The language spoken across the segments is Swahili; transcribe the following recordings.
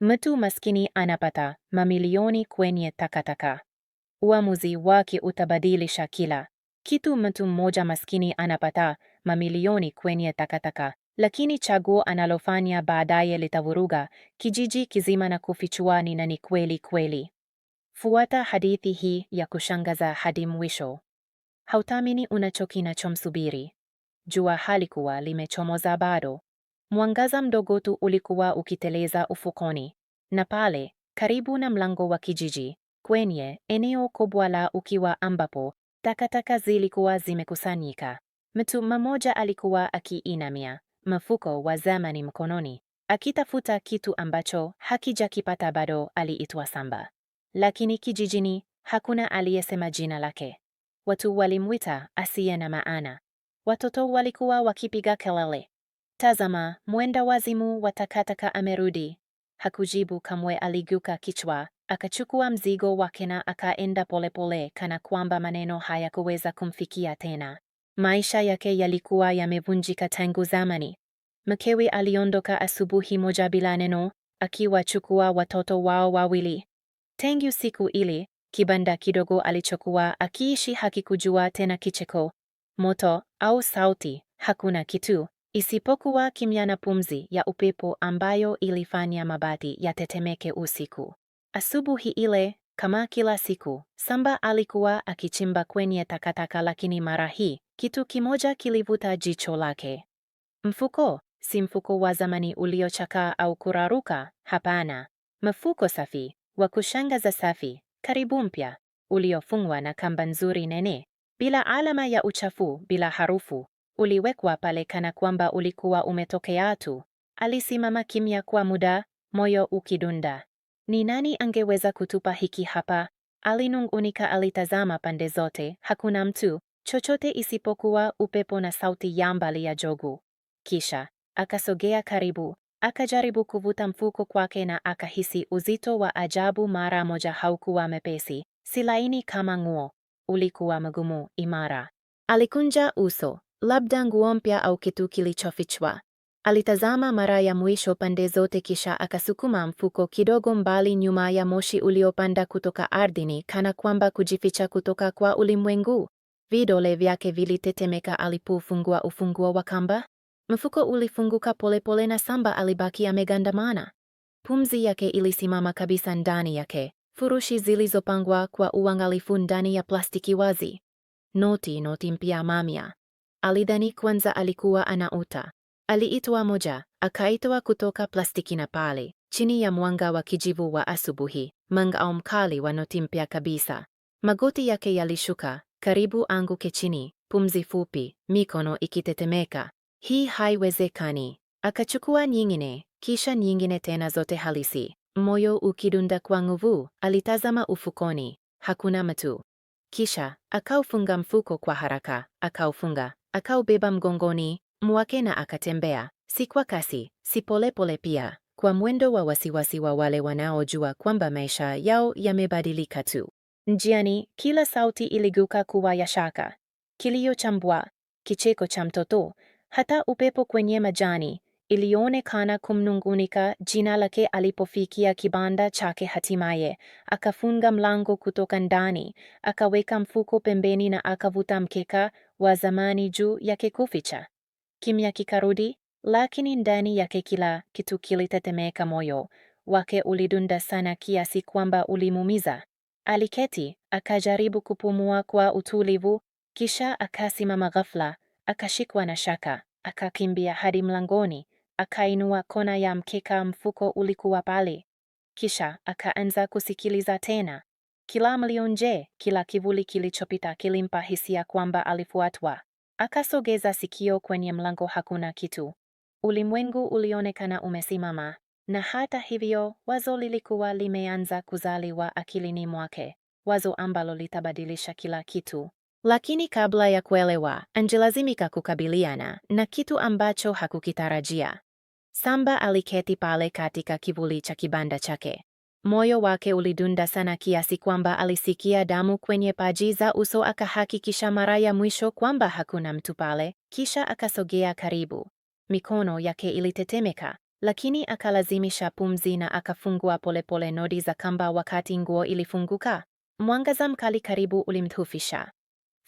Mtu maskini anapata mamilioni kwenye takataka. Uamuzi wake utabadilisha kila kitu. Mtu mmoja maskini anapata mamilioni kwenye takataka, lakini chaguo analofanya baadaye litavuruga kijiji kizima na kufichua ni nani kweli kweli. Fuata hadithi hii ya kushangaza hadi mwisho. Hautamini unacho kinachomsubiri. Jua halikuwa limechomoza bado. Mwangaza mdogo tu ulikuwa ukiteleza ufukoni, na pale karibu na mlango wa kijiji kwenye eneo kubwa la ukiwa ambapo takataka zilikuwa zimekusanyika, mtu mmoja alikuwa akiinamia mfuko wa zamani mkononi akitafuta kitu ambacho hakijakipata bado. Aliitwa Samba, lakini kijijini hakuna aliyesema jina lake. Watu walimwita asiye na maana. Watoto walikuwa wakipiga kelele, Tazama, mwenda wazimu wa takataka amerudi. Hakujibu kamwe, aliguka kichwa, akachukua mzigo wake na akaenda polepole kana kwamba maneno hayakuweza kumfikia tena. Maisha yake yalikuwa yamevunjika tangu zamani. Mkewe aliondoka asubuhi moja bila neno, akiwachukua watoto wao wawili. Tangu siku ile, kibanda kidogo alichokuwa akiishi hakikujua tena kicheko, moto au sauti, hakuna kitu isipokuwa kimya na pumzi ya upepo ambayo ilifanya mabati yatetemeke usiku. Asubuhi ile, kama kila siku, Samba alikuwa akichimba kwenye takataka, lakini mara hii kitu kimoja kilivuta jicho lake. Mfuko, si mfuko wa zamani uliochakaa au kuraruka. Hapana, mfuko safi wa kushangaza, safi karibu mpya, uliofungwa na kamba nzuri nene, bila alama ya uchafu, bila harufu, uliwekwa pale kana kwamba ulikuwa umetokea tu. Alisimama kimya kwa muda, moyo ukidunda. Ni nani angeweza kutupa hiki hapa? Alinung'unika. Alitazama pande zote, hakuna mtu, chochote isipokuwa upepo na sauti ya mbali ya jogu. Kisha akasogea karibu, akajaribu kuvuta mfuko kwake na akahisi uzito wa ajabu. Mara moja, haukuwa mepesi, si laini kama nguo, ulikuwa mgumu, imara. Alikunja uso, labda nguo mpya au kitu kilichofichwa. Alitazama mara ya mwisho pande zote kisha akasukuma mfuko kidogo mbali nyuma ya moshi uliopanda kutoka ardhini kana kwamba kujificha kutoka kwa ulimwengu. Vidole vyake vilitetemeka alipofungua ufunguo wa kamba. Mfuko ulifunguka polepole na Samba alibaki amegandamana. Pumzi yake ilisimama kabisa ndani yake, furushi zilizopangwa kwa uangalifu ndani ya plastiki wazi. Noti, noti mpya mamia. Alidhani kwanza alikuwa anaota. Aliitwa moja, akaitwa kutoka plastiki na pale, chini ya mwanga wa kijivu wa asubuhi, mangao mkali wa noti mpya kabisa. Magoti yake yalishuka, karibu anguke chini, pumzi fupi, mikono ikitetemeka. Hii haiwezekani. Akachukua nyingine, kisha nyingine tena, zote halisi. Moyo ukidunda kwa nguvu, alitazama ufukoni. Hakuna mtu. Kisha akaufunga mfuko kwa haraka, akaufunga. Akaubeba mgongoni mwake na akatembea, si kwa kasi, si polepole pia, kwa mwendo wa wasiwasi wa wale wanaojua kwamba maisha yao yamebadilika tu. Njiani, kila sauti iliguka kuwa ya shaka, kilio cha mbwa, kicheko cha mtoto, hata upepo kwenye majani ilionekana kumnungunika jina lake alipofikia kibanda chake. Hatimaye akafunga mlango kutoka ndani, akaweka mfuko pembeni na akavuta mkeka wa zamani juu yake kuficha. Kimya kikarudi, lakini ndani yake kila kitu kilitetemeka. Moyo wake ulidunda sana kiasi kwamba ulimumiza. Aliketi akajaribu kupumua kwa utulivu, kisha akasimama ghafla, akashikwa na shaka, akakimbia hadi mlangoni. Akainua kona ya mkeka, mfuko ulikuwa pale. Kisha akaanza kusikiliza tena. Kila mlio nje, kila kivuli kilichopita kilimpa hisia kwamba alifuatwa. Akasogeza sikio kwenye mlango, hakuna kitu. Ulimwengu ulionekana umesimama, na hata hivyo wazo lilikuwa limeanza kuzaliwa akilini mwake, wazo ambalo litabadilisha kila kitu. Lakini kabla ya kuelewa, angelazimika kukabiliana na kitu ambacho hakukitarajia. Samba aliketi pale katika kivuli cha kibanda chake. Moyo wake ulidunda sana kiasi kwamba alisikia damu kwenye paji za uso. Akahakikisha mara ya mwisho kwamba hakuna mtu pale, kisha akasogea karibu. Mikono yake ilitetemeka, lakini akalazimisha pumzi na akafungua polepole nodi za kamba. Wakati nguo ilifunguka, mwangaza mkali karibu ulimthufisha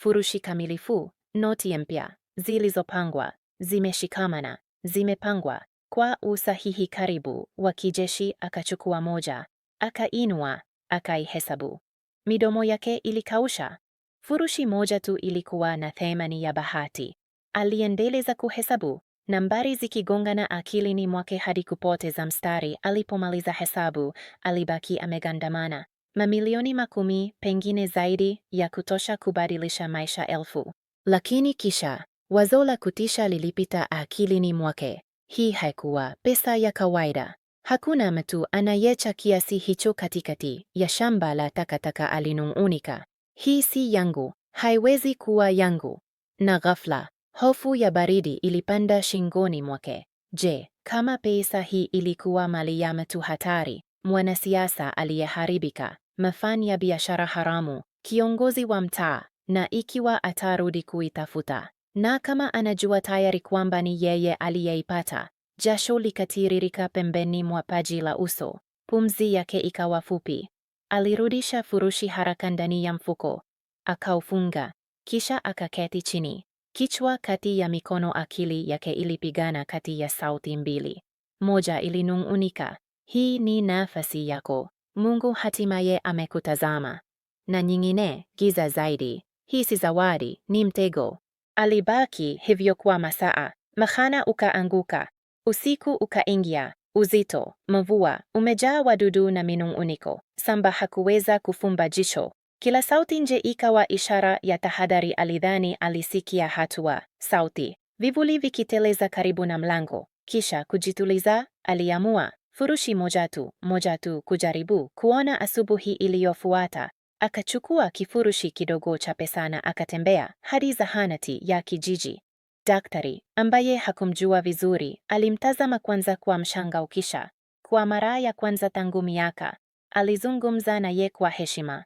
Furushi kamilifu, noti mpya zilizopangwa, zimeshikamana, zimepangwa kwa usahihi karibu wa kijeshi, akachukua moja, akainua, akaihesabu. Midomo yake ilikausha. Furushi moja tu ilikuwa na thamani ya bahati. Aliendeleza kuhesabu, nambari zikigongana akilini mwake hadi kupoteza mstari. Alipomaliza hesabu, alibaki amegandamana. Mamilioni makumi, pengine zaidi, ya kutosha kubadilisha maisha elfu. Lakini kisha wazo la kutisha lilipita akilini mwake. Hii haikuwa pesa ya kawaida. Hakuna mtu anayecha kiasi hicho katikati ya shamba la takataka, alinung'unika. Hii si yangu, haiwezi kuwa yangu. Na ghafla hofu ya baridi ilipanda shingoni mwake. Je, kama pesa hii ilikuwa mali ya mtu hatari, mwanasiasa aliyeharibika, mfanya biashara haramu, kiongozi wa mtaa, na ikiwa atarudi kuitafuta, na kama anajua tayari kwamba ni yeye aliyeipata, jasho likatiririka pembeni mwa paji la uso, pumzi yake ikawa fupi. Alirudisha furushi haraka ndani ya mfuko, akaufunga, kisha akaketi chini, kichwa kati ya mikono. Akili yake ilipigana kati ya sauti mbili. Moja ilinung'unika, hii ni nafasi yako, Mungu hatimaye amekutazama, na nyingine, giza zaidi, hii si zawadi, ni mtego. Alibaki hivyo kwa masaa, mchana ukaanguka, usiku ukaingia. Uzito, mvua, umejaa wadudu na minung'uniko. Samba hakuweza kufumba jicho. Kila sauti nje ikawa ishara ya tahadhari. Alidhani alisikia hatua, sauti, vivuli vikiteleza karibu na mlango. Kisha kujituliza, aliamua furushi moja tu, moja tu, kujaribu kuona asubuhi iliyofuata. Akachukua kifurushi kidogo cha pesa na akatembea hadi zahanati ya kijiji. Daktari ambaye hakumjua vizuri alimtazama kwanza kwa mshangao, kisha kwa mara ya kwanza tangu miaka alizungumza naye kwa heshima.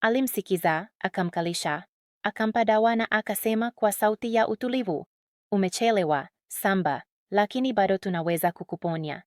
Alimsikiza, akamkalisha, akampa dawa na akasema kwa sauti ya utulivu, umechelewa Samba, lakini bado tunaweza kukuponya.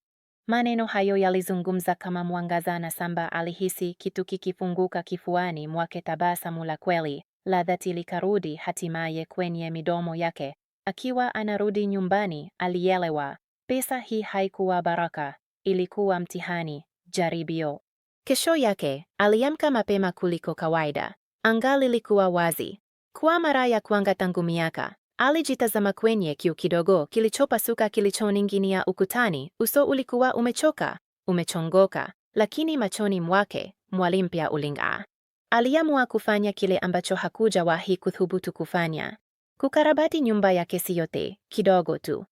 Maneno hayo yalizungumza kama mwangaza na Samba alihisi kitu kikifunguka kifuani mwake. Tabasamu la kweli la dhati likarudi hatimaye kwenye midomo yake. Akiwa anarudi nyumbani, alielewa pesa hii haikuwa baraka, ilikuwa mtihani, jaribio. Kesho yake aliamka mapema kuliko kawaida. Anga lilikuwa wazi kwa mara ya kwanza tangu miaka Alijitazama kwenye kiu kidogo kilichopasuka kilichoning'inia ukutani. Uso ulikuwa umechoka, umechongoka, lakini machoni mwake mwali mpya uling'aa. Aliamua kufanya kile ambacho hakujawahi kuthubutu kufanya, kukarabati nyumba yake, si yote, kidogo tu,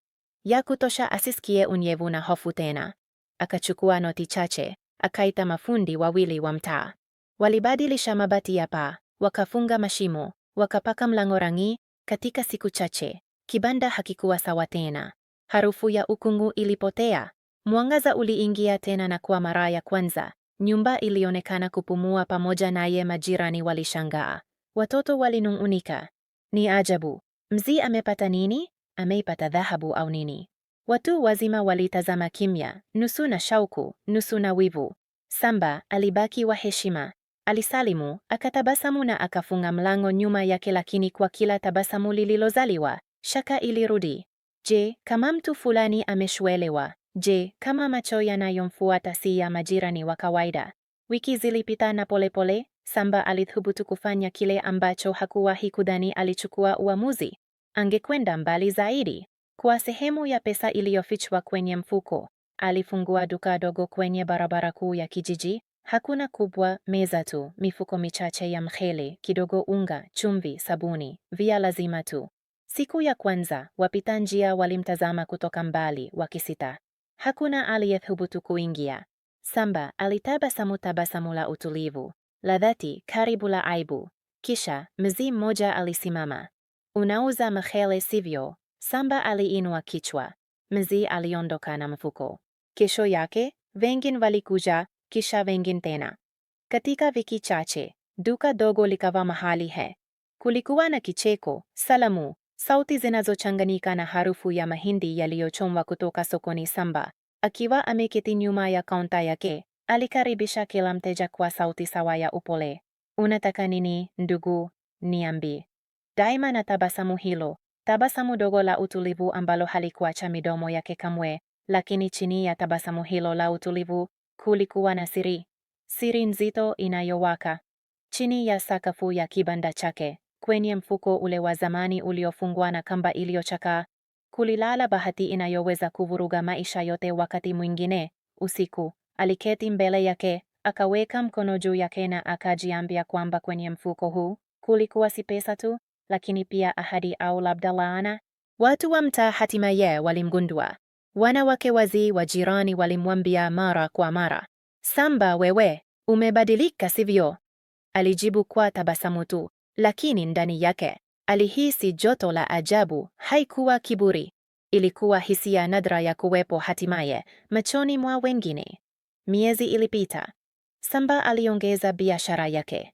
ya kutosha asisikie unyevu na hofu tena. Akachukua noti chache, akaita mafundi wawili wa mtaa. Walibadilisha mabati ya paa, wakafunga mashimo, wakapaka mlango rangi, katika siku chache, kibanda hakikuwa sawa tena. Harufu ya ukungu ilipotea. Mwangaza uliingia tena na kwa mara ya kwanza, nyumba ilionekana kupumua pamoja naye majirani walishangaa. Watoto walinung'unika. Ni ajabu. Mzee amepata nini? Ameipata dhahabu au nini? Watu wazima walitazama kimya, nusu na shauku, nusu na wivu. Samba alibaki wa heshima, Alisalimu, akatabasamu na akafunga mlango nyuma yake, lakini kwa kila tabasamu lililozaliwa, shaka ilirudi. Je, kama mtu fulani ameshwelewa? Je, kama macho yanayomfuata si ya majirani wa kawaida? Wiki zilipita na polepole pole, Samba alithubutu kufanya kile ambacho hakuwahi kudhani. Alichukua uamuzi, angekwenda mbali zaidi. Kwa sehemu ya pesa iliyofichwa kwenye mfuko, alifungua duka dogo kwenye barabara kuu ya kijiji, Hakuna kubwa, meza tu, mifuko michache ya mchele, kidogo unga, chumvi, sabuni, via lazima tu. Siku ya kwanza, wapita njia walimtazama kutoka mbali, wakisita. Hakuna aliyethubutu kuingia. Samba alitabasamu tabasamu la utulivu, la dhati, karibu la aibu. Kisha mzee mmoja alisimama. Unauza mchele sivyo? Samba aliinua kichwa. Mzee aliondoka na mfuko. Kesho yake, wengine walikuja, kisha wengine tena. Katika wiki chache, duka dogo likawa mahali hai. Kulikuwa na kicheko, salamu, sauti zinazochanganyika na harufu ya mahindi yaliyochomwa kutoka sokoni. Samba, akiwa ameketi nyuma ya kaunta yake, alikaribisha kila mteja kwa sauti sawa ya upole. Unataka nini, ndugu? niambi Daima na tabasamu hilo, tabasamu dogo la utulivu ambalo halikuacha midomo yake kamwe, lakini chini ya tabasamu hilo la utulivu Kulikuwa na siri, siri nzito inayowaka chini ya sakafu ya kibanda chake. Kwenye mfuko ule wa zamani uliofungwa na kamba iliyochakaa, kulilala bahati inayoweza kuvuruga maisha yote. Wakati mwingine usiku, aliketi mbele yake, akaweka mkono juu yake na akajiambia kwamba kwenye mfuko huu kulikuwa si pesa tu, lakini pia ahadi au labda laana. Watu wa mtaa hatimaye walimgundua. Wanawake wazee wa jirani walimwambia mara kwa mara, Samba wewe, umebadilika sivyo? Alijibu kwa tabasamu tu, lakini ndani yake alihisi joto la ajabu. Haikuwa kiburi, ilikuwa hisia nadra ya kuwepo hatimaye machoni mwa wengine. Miezi ilipita. Samba aliongeza biashara yake.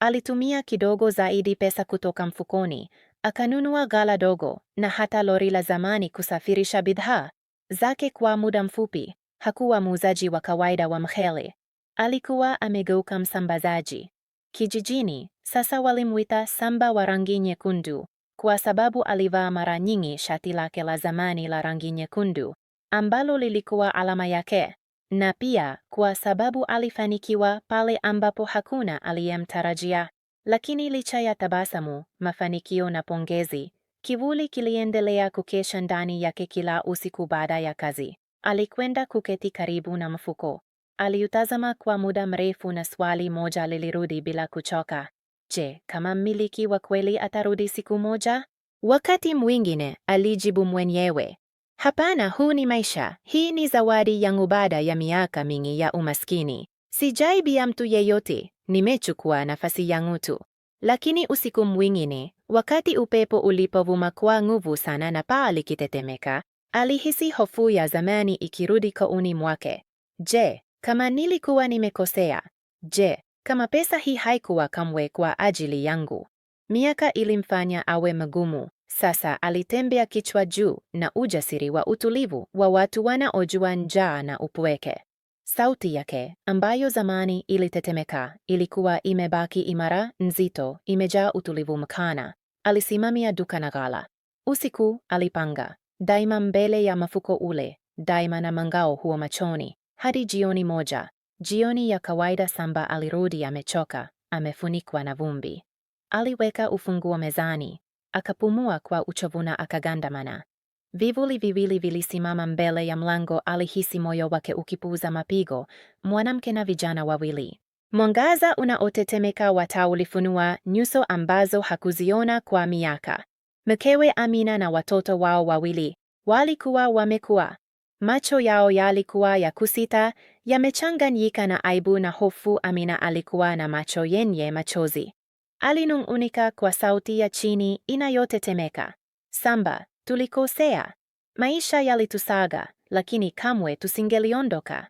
Alitumia kidogo zaidi pesa kutoka mfukoni, akanunua ghala dogo na hata lori la zamani kusafirisha bidhaa zake kwa muda mfupi, hakuwa muuzaji wa kawaida wa mchele. Alikuwa amegeuka msambazaji. Kijijini sasa walimwita Samba wa rangi nyekundu kwa sababu alivaa mara nyingi shati lake la zamani la rangi nyekundu ambalo lilikuwa alama yake, na pia kwa sababu alifanikiwa pale ambapo hakuna aliyemtarajia. Lakini licha ya tabasamu, mafanikio na pongezi, Kivuli kiliendelea kukesha ndani yake kila usiku baada ya kazi. Alikwenda kuketi karibu na mfuko. Aliutazama kwa muda mrefu na swali moja lilirudi bila kuchoka. Je, kama mmiliki wa kweli atarudi siku moja? Wakati mwingine alijibu mwenyewe, hapana, huu ni maisha. Hii ni zawadi yangu baada ya miaka mingi ya umaskini. Sijaibia mtu yeyote, nimechukua nafasi yangu tu. Lakini usiku mwingine Wakati upepo ulipovuma kwa nguvu sana na paa likitetemeka, alihisi hofu ya zamani ikirudi kouni mwake. Je, kama nilikuwa nimekosea? Je, kama pesa hii haikuwa kamwe kwa ajili yangu? Miaka ilimfanya awe mgumu. Sasa alitembea kichwa juu na ujasiri wa utulivu wa watu wanaojua njaa na upweke. Sauti yake ambayo zamani ilitetemeka ilikuwa imebaki imara, nzito, imejaa utulivu mkana. Alisimamia duka na ghala. Usiku alipanga daima mbele ya mafuko ule, daima na mangao huo machoni, hadi jioni moja. Jioni ya kawaida, Samba alirudi amechoka, amefunikwa na vumbi. Aliweka ufunguo mezani, akapumua kwa uchovu na akagandamana. Vivuli viwili vilisimama mbele ya mlango. Alihisi moyo wake ukipuuza mapigo. Mwanamke na vijana wawili Mwangaza unaotetemeka wa taa ulifunua nyuso ambazo hakuziona kwa miaka. Mkewe Amina na watoto wao wawili walikuwa wamekuwa. Macho yao yalikuwa ya kusita, yamechanganyika na aibu na hofu. Amina alikuwa na macho yenye machozi. Alinung'unika kwa sauti ya chini inayotetemeka, Samba, tulikosea. Maisha yalitusaga, lakini kamwe tusingeliondoka.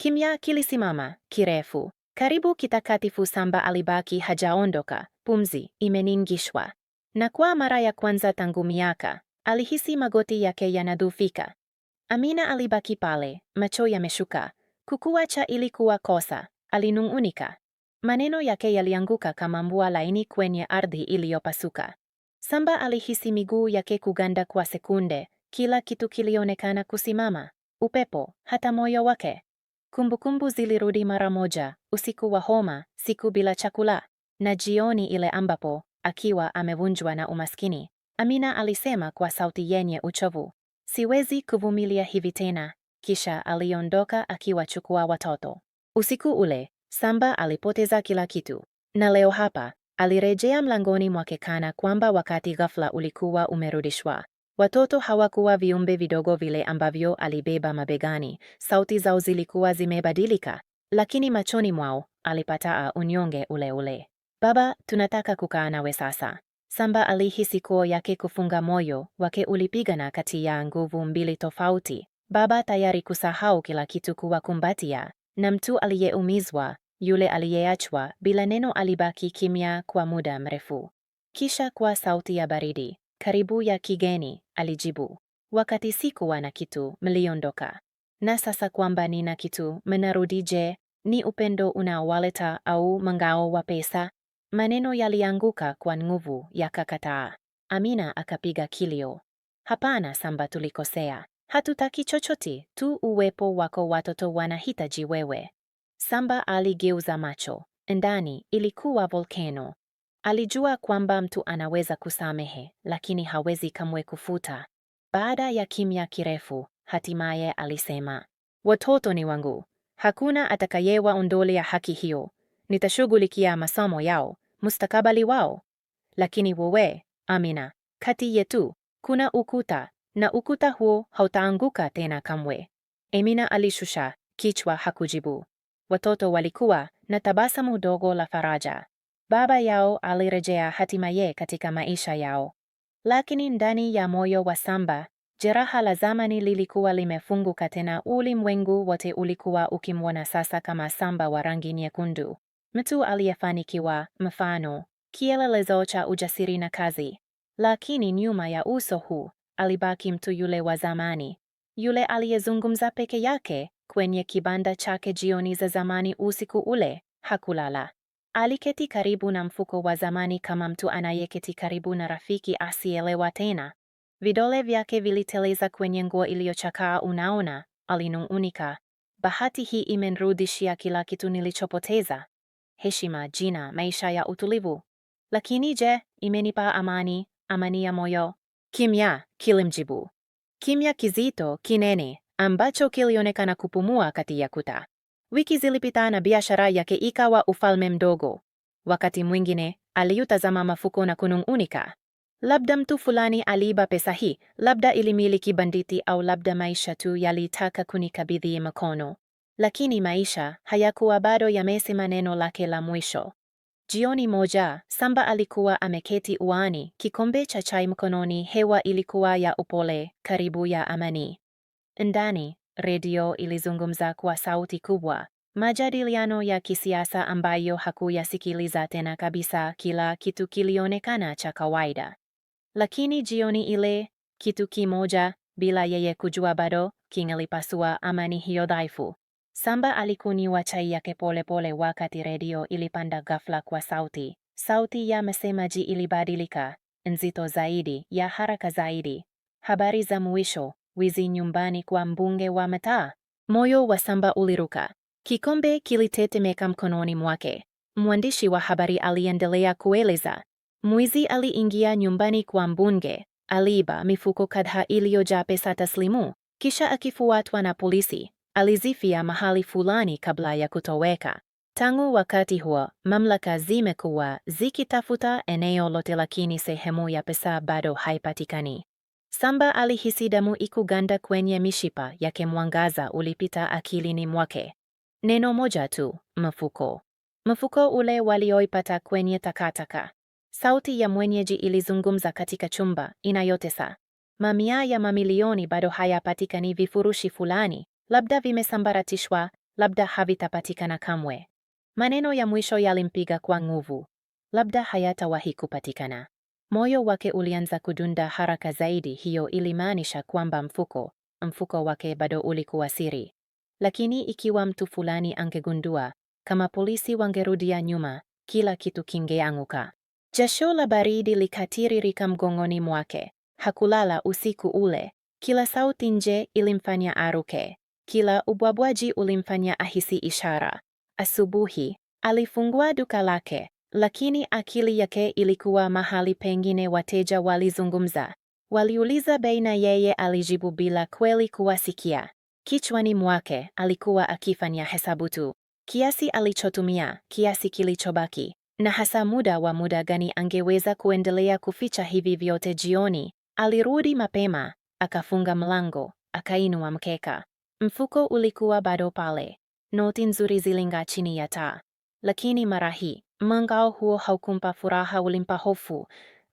Kimya kilisimama kirefu. Karibu kitakatifu Samba alibaki hajaondoka, pumzi imeningishwa. Na kwa mara ya kwanza tangu miaka, alihisi magoti yake yanadhufika. Amina alibaki pale, macho yameshuka. Kukuacha ilikuwa kosa, alinung'unika. Maneno yake yalianguka kama mbua laini kwenye ardhi iliyopasuka. Samba alihisi miguu yake kuganda kwa sekunde, kila kitu kilionekana kusimama, upepo, hata moyo wake. Kumbukumbu zilirudi mara moja, usiku wa homa, siku bila chakula, na jioni ile ambapo, akiwa amevunjwa na umaskini, Amina alisema kwa sauti yenye uchovu, siwezi kuvumilia hivi tena. Kisha aliondoka akiwachukua watoto. Usiku ule, Samba alipoteza kila kitu, na leo hapa alirejea mlangoni mwake kana kwamba wakati ghafla ulikuwa umerudishwa. Watoto hawakuwa viumbe vidogo vile ambavyo alibeba mabegani. Sauti zao zilikuwa zimebadilika, lakini machoni mwao alipata unyonge ule ule. Baba, tunataka kukaa nawe sasa. Samba alihisi koo yake kufunga, moyo wake ulipigana kati ya nguvu mbili tofauti. Baba tayari kusahau kila kitu kuwakumbatia, na mtu aliyeumizwa, yule aliyeachwa bila neno, alibaki kimya kwa muda mrefu. Kisha kwa sauti ya baridi, karibu ya kigeni, alijibu. Wakati sikuwa na kitu, mliondoka. Na sasa kwamba nina kitu, mnarudi je Ni upendo unaowaleta au mng'ao wa pesa? Maneno yalianguka kwa nguvu, yakakataa. Amina akapiga kilio. Hapana Samba, tulikosea. Hatutaki chochote, tu uwepo wako. Watoto wanahitaji wewe. Samba aligeuza macho. Ndani ilikuwa volkeno. Alijua kwamba mtu anaweza kusamehe, lakini hawezi kamwe kufuta. Baada ya kimya kirefu, hatimaye alisema, watoto ni wangu, hakuna atakayewa ya haki hiyo. Nitashughulikia masomo yao, mustakabali wao. Lakini wewe, Amina, kati yetu kuna ukuta, na ukuta huo hautaanguka tena kamwe. Amina alishusha kichwa, hakujibu. Watoto walikuwa na tabasamu dogo la faraja. Baba yao alirejea hatimaye katika maisha yao, lakini ndani ya moyo wa Samba jeraha la zamani lilikuwa limefunguka tena. Ulimwengu wote ulikuwa ukimwona sasa kama Samba wa rangi nyekundu, mtu aliyefanikiwa, mfano, kielelezo cha ujasiri na kazi. Lakini nyuma ya uso huu alibaki mtu yule wa zamani, yule aliyezungumza peke yake kwenye kibanda chake jioni za zamani. Usiku ule hakulala, Aliketi karibu na mfuko wa zamani kama mtu anayeketi karibu na rafiki asielewa tena. Vidole vyake viliteleza kwenye nguo iliyochakaa. Unaona, alinung'unika, bahati hii imenrudishia kila kitu nilichopoteza: heshima, jina, maisha ya utulivu. Lakini je, imenipa amani? Amani ya moyo? Kimya kilimjibu, kimya kizito, kinene ambacho kilionekana kupumua kati ya kuta. Wiki zilipita na biashara yake ikawa ufalme mdogo. Wakati mwingine aliutazama mafuko na kunung'unika, labda mtu fulani aliiba pesa hii, labda ilimiliki banditi, au labda maisha tu yalitaka kunikabidhi mkono. Lakini maisha hayakuwa bado yamesema neno lake la mwisho. Jioni moja, Samba alikuwa ameketi uani, kikombe cha chai mkononi, hewa ilikuwa ya upole, karibu ya amani. Ndani redio ilizungumza kwa sauti kubwa, majadiliano ya kisiasa ambayo hakuyasikiliza tena kabisa. Kila kitu kilionekana cha kawaida, lakini jioni ile kitu kimoja, bila yeye kujua bado, kingelipasua amani hiyo dhaifu. Samba alikunywa chai yake polepole, wakati redio ilipanda ghafla kwa sauti. Sauti ya msemaji ilibadilika, nzito zaidi, ya haraka zaidi. Habari za mwisho, wizi nyumbani kwa mbunge wa mtaa. Moyo wa Samba uliruka, kikombe kilitetemeka mkononi mwake. Mwandishi wa habari aliendelea kueleza, mwizi aliingia nyumbani kwa mbunge, aliiba mifuko kadhaa iliyojaa pesa taslimu, kisha akifuatwa na polisi alizifia mahali fulani kabla ya kutoweka. Tangu wakati huo, mamlaka zimekuwa zikitafuta eneo lote, lakini sehemu ya pesa bado haipatikani. Samba alihisi damu ikuganda kwenye mishipa yake. Mwangaza ulipita akilini mwake. Neno moja tu, mfuko. Mfuko ule walioipata kwenye takataka. Sauti ya mwenyeji ilizungumza katika chumba inayotesa. Mamia ya mamilioni bado hayapatikani. Vifurushi fulani labda vimesambaratishwa, labda havitapatikana kamwe. Maneno ya mwisho yalimpiga kwa nguvu. Labda hayatawahi kupatikana. Moyo wake ulianza kudunda haraka zaidi. Hiyo ilimaanisha kwamba mfuko mfuko wake bado ulikuwa siri, lakini ikiwa mtu fulani angegundua, kama polisi wangerudia nyuma, kila kitu kingeanguka. Jasho la baridi likatiririka mgongoni mwake. Hakulala usiku ule. Kila sauti nje ilimfanya aruke, kila ubwabwaji ulimfanya ahisi ishara. Asubuhi alifungua duka lake, lakini akili yake ilikuwa mahali pengine. Wateja walizungumza, waliuliza bei na yeye alijibu bila kweli kuwasikia. Kichwani mwake alikuwa akifanya hesabu tu, kiasi alichotumia, kiasi kilichobaki, na hasa muda wa muda gani angeweza kuendelea kuficha hivi vyote. Jioni alirudi mapema, akafunga mlango, akainua mkeka. Mfuko ulikuwa bado pale, noti nzuri zilinga chini ya taa, lakini mara hii Mng'ao huo haukumpa furaha, ulimpa hofu.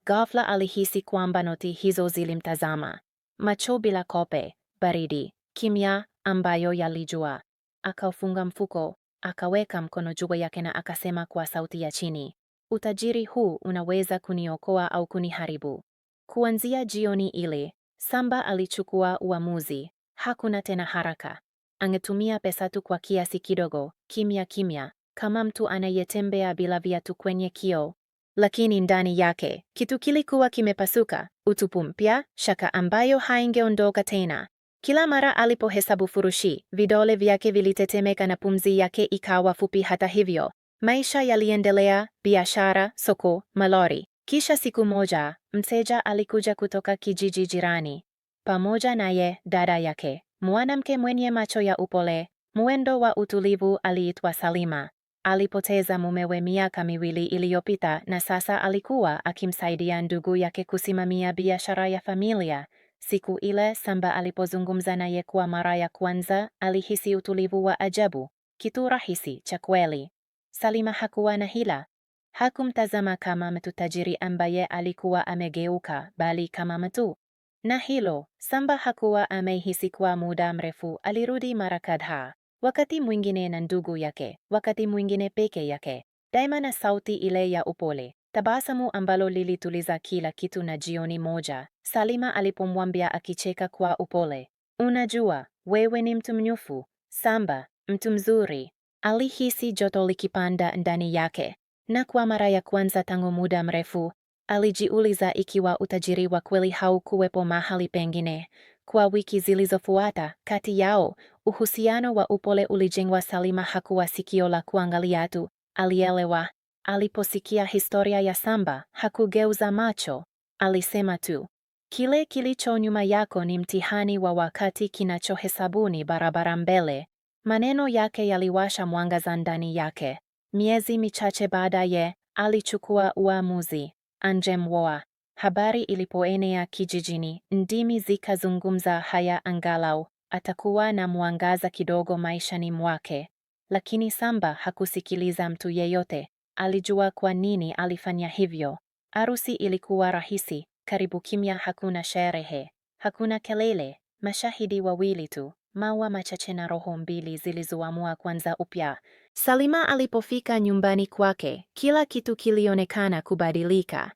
Ghafla alihisi kwamba noti hizo zilimtazama, macho bila kope, baridi, kimya ambayo yalijua. Akaufunga mfuko, akaweka mkono juu yake na akasema kwa sauti ya chini, utajiri huu unaweza kuniokoa au kuniharibu. Kuanzia jioni ile, Samba alichukua uamuzi. Hakuna tena haraka, angetumia pesa tu kwa kiasi kidogo, kimya kimya, kama mtu anayetembea bila viatu kwenye kioo, lakini ndani yake kitu kilikuwa kimepasuka, utupu mpya, shaka ambayo haingeondoka tena. Kila mara alipohesabu furushi, vidole vyake vilitetemeka na pumzi yake ikawa fupi. Hata hivyo, maisha yaliendelea, biashara, soko, malori. Kisha siku moja mteja alikuja kutoka kijiji jirani, pamoja naye dada yake, mwanamke mwenye macho ya upole, mwendo wa utulivu. Aliitwa Salima alipoteza mumewe miaka miwili iliyopita na sasa alikuwa akimsaidia ndugu yake kusimamia biashara ya familia. Siku ile Samba alipozungumza naye kwa mara ya kwanza, alihisi utulivu wa ajabu, kitu rahisi cha kweli. Salima hakuwa na hila. Hakumtazama kama mtu tajiri ambaye alikuwa amegeuka, bali kama mtu. Na hilo Samba hakuwa amehisi kwa muda mrefu. Alirudi mara kadhaa wakati mwingine na ndugu yake, wakati mwingine peke yake, daima na sauti ile ya upole, tabasamu ambalo lilituliza kila kitu. Na jioni moja Salima alipomwambia akicheka kwa upole, unajua wewe ni mtu mnyufu Samba, mtu mzuri, alihisi joto likipanda ndani yake, na kwa mara ya kwanza tangu muda mrefu alijiuliza ikiwa utajiri wa kweli haukuwepo mahali pengine. Kwa wiki zilizofuata, kati yao Uhusiano wa upole ulijengwa. Salima hakuwa sikio la kuangalia tu, alielewa. Aliposikia historia ya Samba hakugeuza macho, alisema tu, kile kilicho nyuma yako ni mtihani wa wakati, kinachohesabuni barabara mbele. Maneno yake yaliwasha mwanga za ndani yake. Miezi michache baadaye alichukua uamuzi. Angemwoa. Habari ilipoenea kijijini, ndimi zikazungumza haya, angalau atakuwa na mwangaza kidogo maishani mwake. Lakini Samba hakusikiliza mtu yeyote. Alijua kwa nini alifanya hivyo. Arusi ilikuwa rahisi, karibu kimya. Hakuna sherehe, hakuna kelele, mashahidi wawili tu, maua machache na roho mbili zilizoamua kwanza upya. Salima alipofika nyumbani kwake, kila kitu kilionekana kubadilika: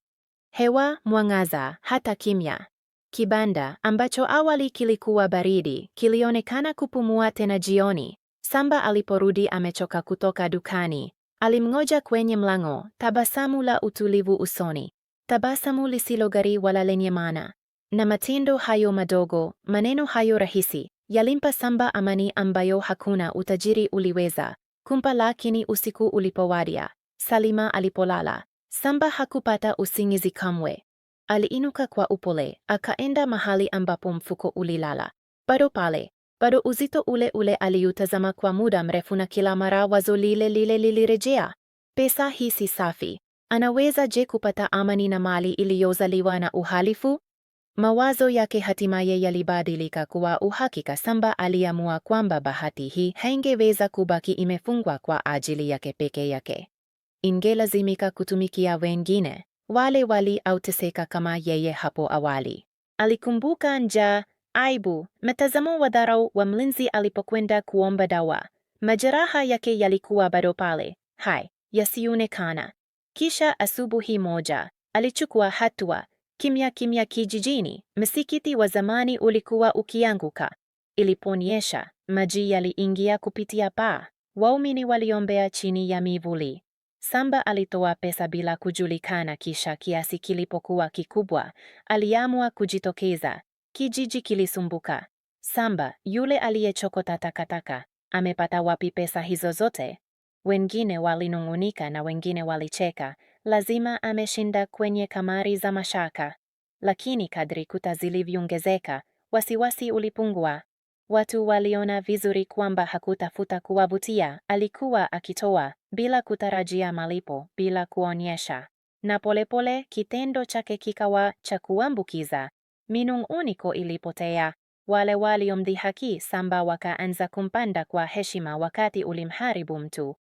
hewa, mwangaza, hata kimya. Kibanda ambacho awali kilikuwa baridi kilionekana kupumua tena jioni. Samba aliporudi amechoka kutoka dukani, alimngoja kwenye mlango, tabasamu la utulivu usoni, tabasamu lisilogari wala lenye maana. Na matendo hayo madogo, maneno hayo rahisi, yalimpa Samba amani ambayo hakuna utajiri uliweza kumpa. Lakini usiku ulipowadia, Salima alipolala, Samba hakupata usingizi kamwe. Aliinuka kwa upole, akaenda mahali ambapo mfuko ulilala. Bado pale, bado uzito ule ule. Aliutazama kwa muda mrefu, na kila mara wazo lile lile lilirejea. Pesa hii si safi. Anaweza je kupata amani na mali iliyozaliwa na uhalifu? Mawazo yake hatimaye yalibadilika kuwa uhakika. Samba aliamua kwamba bahati hii haingeweza kubaki imefungwa kwa ajili yake peke yake, ingelazimika kutumikia wengine wale walioteseka kama yeye hapo awali. Alikumbuka njaa, aibu, mtazamo wa dharau wa mlinzi alipokwenda kuomba dawa. Majeraha yake yalikuwa bado pale hai, yasionekana. Kisha asubuhi moja alichukua hatua kimya kimya kijijini. Msikiti wa zamani ulikuwa ukianguka. Iliponyesha, maji yaliingia kupitia paa. Waumini waliombea chini ya mivuli. Samba alitoa pesa bila kujulikana, kisha kiasi kilipokuwa kikubwa, aliamua kujitokeza. Kijiji kilisumbuka. Samba yule aliyechokota takataka amepata wapi pesa hizo zote? Wengine walinung'unika na wengine walicheka, lazima ameshinda kwenye kamari za mashaka. Lakini kadri kuta zilivyongezeka wasiwasi ulipungua. Watu waliona vizuri kwamba hakutafuta kuwavutia, alikuwa akitoa bila kutarajia malipo, bila kuonyesha, na polepole pole, kitendo chake kikawa cha kuambukiza. Minung'uniko ilipotea, wale waliomdhihaki Samba wakaanza kumpanda kwa heshima wakati ulimharibu mtu.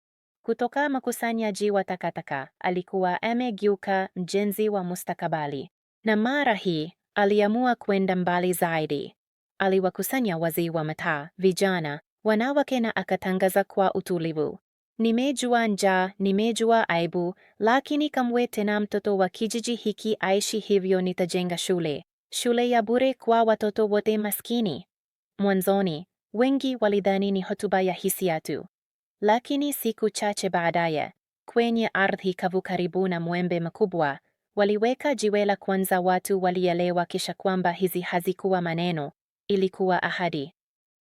Kutoka mkusanyaji wa takataka alikuwa amegeuka mjenzi wa mustakabali, na mara hii aliamua kwenda mbali zaidi aliwakusanya wazee wa mataa, vijana, wanawake na akatangaza kwa utulivu, nimejua njaa, nimejua aibu, lakini kamwe tena mtoto wa kijiji hiki aishi hivyo. Nitajenga shule, shule ya bure kwa watoto wote maskini. Mwanzoni wengi walidhani ni hotuba ya hisia tu, lakini siku chache baadaye, kwenye ardhi kavu karibu na mwembe mkubwa, waliweka jiwe la kwanza. Watu walielewa kisha kwamba hizi hazikuwa maneno, Ilikuwa ahadi.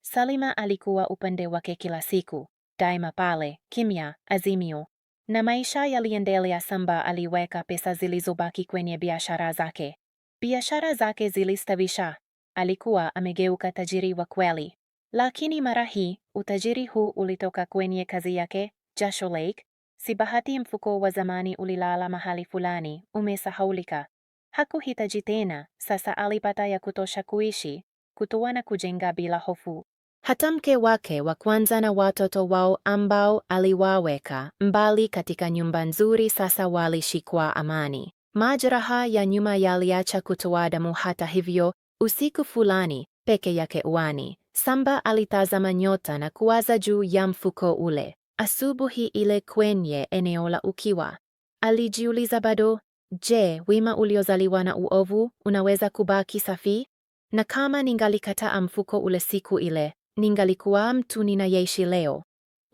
Salima alikuwa upande wake kila siku, daima pale, kimya, azimio. Na maisha yaliendelea samba. Aliweka pesa zilizobaki kwenye biashara zake. Biashara zake zilistawisha. Alikuwa amegeuka tajiri wa kweli. Lakini mara hii utajiri huu ulitoka kwenye kazi yake, Jasho Lake. Si bahati, mfuko wa zamani ulilala mahali fulani, umesahaulika. Hakuhitaji tena, sasa alipata ya kutosha kuishi, kutoa na kujenga bila hofu. Hata mke wake wa kwanza na watoto wao ambao aliwaweka mbali katika nyumba nzuri sasa walishikwa amani. Majeraha ya nyuma yaliacha kutoa damu. Hata hivyo, usiku fulani peke yake uani, Samba alitazama nyota na kuwaza juu ya mfuko ule. Asubuhi ile kwenye eneo la ukiwa, alijiuliza bado, je, wima uliozaliwa na uovu unaweza kubaki safi? na kama ningalikataa mfuko ule siku ile, ningalikuwa mtu ninayeishi leo.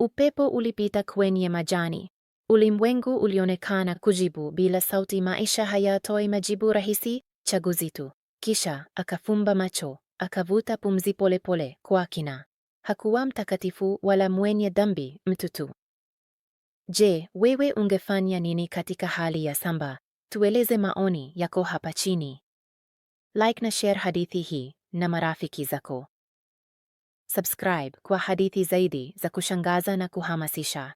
Upepo ulipita kwenye majani, ulimwengu ulionekana kujibu bila sauti. Maisha hayatoi majibu rahisi, chaguzi tu. Kisha akafumba macho, akavuta pumzi polepole kwa kina. Hakuwa mtakatifu wala mwenye dhambi, mtu tu. Je, wewe ungefanya nini katika hali ya Samba? Tueleze maoni yako hapa chini. Like na share hadithi hii na marafiki zako. Subscribe kwa hadithi zaidi za kushangaza na kuhamasisha.